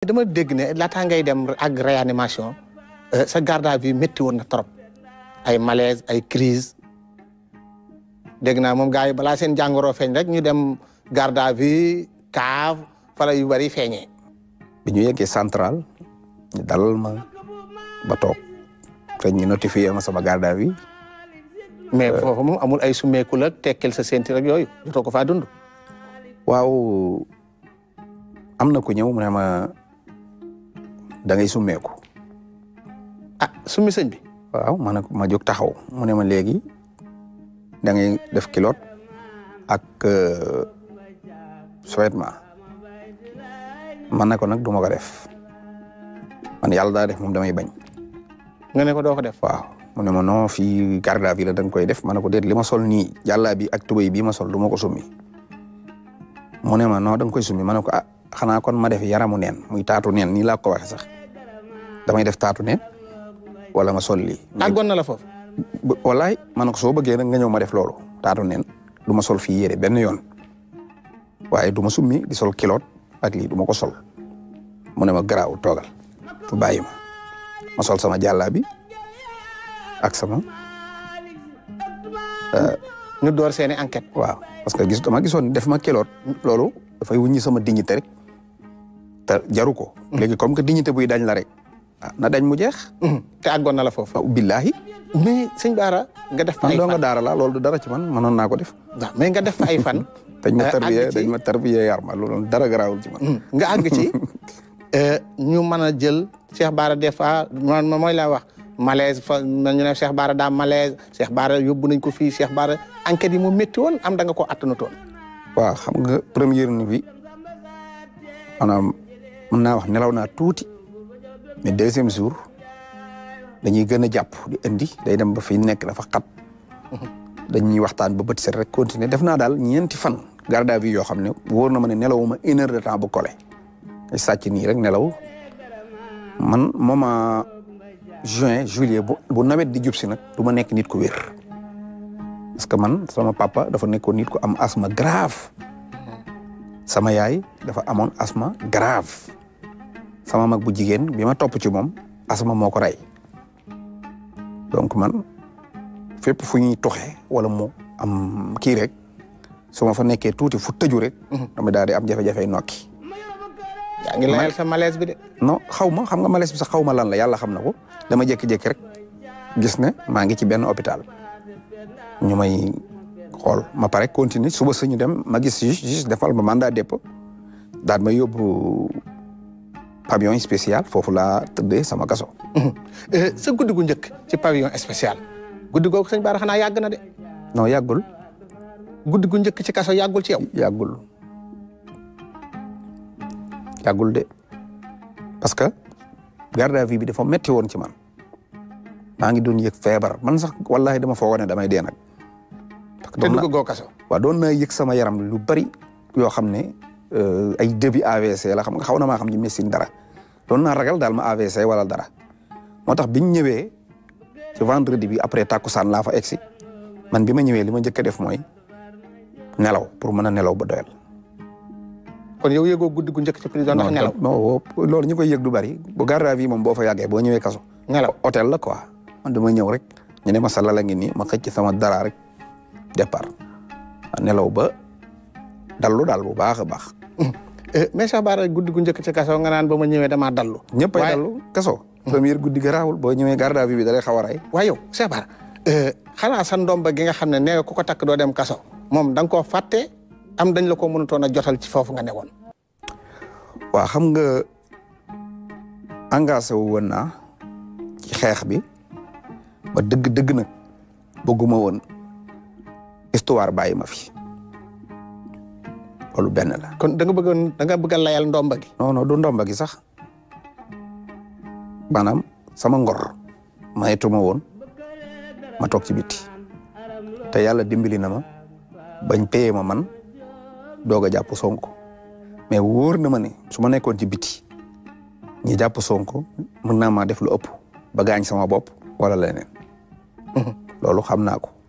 dama dégg ne laataa ngay dem ak animation euh, sa garde à vue métti na trop ay malaise ay crise dégg naa moom gars yi balaa seen jàngoro feeñ rek ñu dem garde à vue cave fala yu bari feeñee bi ñu yeggee central ñu dalal ma ba toog feñ ñu notifier ma sama garde à vue mais euh, foofu moom amul ay sumeeku la tekkil sa sénti rek yooyu jotoo ko faa dund am na ku ñëw mu da ngay summeeku ah sumi señ bi waaw ma ak ma jóg taxaw mu ne ma léegi da ngay def kelot. ak euh, survêtement man na ko nag ma ko def man yàlla daa def moom damay bañ nga ne ko doo ko def waaw mu ne ma non fii garda bi la koy def ma ne ko déet li ma sol nii jàllaa bi ak tubéy bi ma sol duma ko summi mu ne ma non da koy summi ma ne ah xana kon ma def yaramu nen muy taatu nen ni la ko waxe sax damay def taatu nen wala ma sol li tàggoon na la fof wallahi man ko so beugé nak nga ñew ma def lolu taatu nen du sol fi yéré ben yoon waye du summi di sol kiloot ak li du ko sol Mune ma graw togal fu bayima ma sol sama bi ak sama. Uh, ñu door seeni enquête. waaw parce que gis dama def ma lolu da fay wuññi sama dignité rek. te jaru ko. Mm. léegi comme que dignité buy dañ la a ah, na dañ mu jeex. Mm-hmm. te na la foofu. Ah, billaahi mais sëñ Baara. nga def fa ay fan nga la loolu du dara ci man mënoon naa ko def. waaw mais nga def ay fan. dañ ma euh, tarbiye dañ ma tarbiye yar ma loolu dara garaawul ci man. Mm, nga àgg ci euh, ñu mën a jël Cheikh Baara des fois man mooy laa wax. malaise fa ñu ne Cheikh Baara daa malaise Cheikh Baara yóbbu nañ ko fii Cheikh Baara enquêtes yi mu métti woon am danga ko koo attanu toon. waaw xam nga première bi maanaam. mën naa wax nelaw naa tuuti mais deuxième jour dañuy gën a jàpp di indi day dem ba fi nekk dafa xat dañuy waxtaan ba bët set rek continuer def naa daal ñeenti fan garde à vue yoo xam ne wóor na ma ne nelawuma une heure temps bu kole ay sàcc nii rek nelaw man moment juin juillet bu bu nawet di jub si nag ma nekk nit ko wér parce que man sama papa dafa nekkoon nit ko am asthme grave sama yaay dafa amoon asma grave sama mag bu jigen bi ma topp ci mom asama moko ray donc man fep fu ñuy toxé wala mo am ki rek suma fa nekké touti fu teju rek. Mhm. dama daal di am jafé jafé nokki. ya ngi layal sa malaise bi de. non xawma xam nga malaise bi sax xawma lan la yalla xam nako dama jek jek rek gis ne ma ngi ci ben hôpital ñu may xool ma paré continue suba suñu dem ma gis juste defal ma mandat dépôt dal ma yobbu pavillon spécial foofu la tëddee sama kaso. Mhm. Eh, sa guddi gu ñëk ci pavillon spécial guddi gog señ Bara xanaa yag na dé non yagul guddi gu ñëk ci kasso yagul ci yow. yagul yagul dé parce que garde à vue bi dafa metti won ci man ma ngi doon yek feebar man sax wallahi dama fo woné damay dé nak parce que doon na te doon na yek sama yaram lu bari yo xamné euh ay début AVC la xam nga xawna ma xam ni médecine dara doon naa ragal daal ma AVC wala dara moo tax biñ ñëwee ci vendredi bi après takusan laa fa egsi man bi ma ñëwee li ma njëkk a def mooy nelaw pour mën a nelaw ba doyal. kon yow yëgoo guddi gu njëkk ci président nelaw non loolu ñu koy yëg du bari bu garde à vue moom boo fa yàggee boo ñëwee kaso nelaw hôtel la quoi man dama ñëw rek ñu ne ma sa lala ngi nii ma xëcc sama dara rek départ nelaw ba dallu daal bu baax baax hmm. Eh, mais Cheikh Bara guddi gu njëkk ci kaso nga naan ba ma ñëwee damaa dallu. ñëpp ay dallu kaso. premier guddi garaawul boo ñëwee garde à vue bi da lay xaw a rey. waaye yow Cheikh Bara eh, xanaa sa ndomba gi nga xam ne nee ku ko takk doo dem kaso moom da nga koo fàtte am dañ la ko mënutoon a jotal ci foofu nga newoon. waaw xam nga engagé wu woon xeex bi ba dëgg dëgg nag bëgguma woon histoire bàyyi ma fi. loolu benn la. kon da nga bëggoon da nga bëgg layal ndomba gi. non non du ndomba gi sax maanaam sama ngor mayetuma woon ma toog ci biti te yàlla dimbali na bañ téye ma man doog a jàpp Sonko mais wóor na ma ne su ma nekkoon ci biti ñi jàpp Sonko mën naa maa def lu ëpp ba gaañ sama bopp wala leneen mhm. loolu xam naa ko.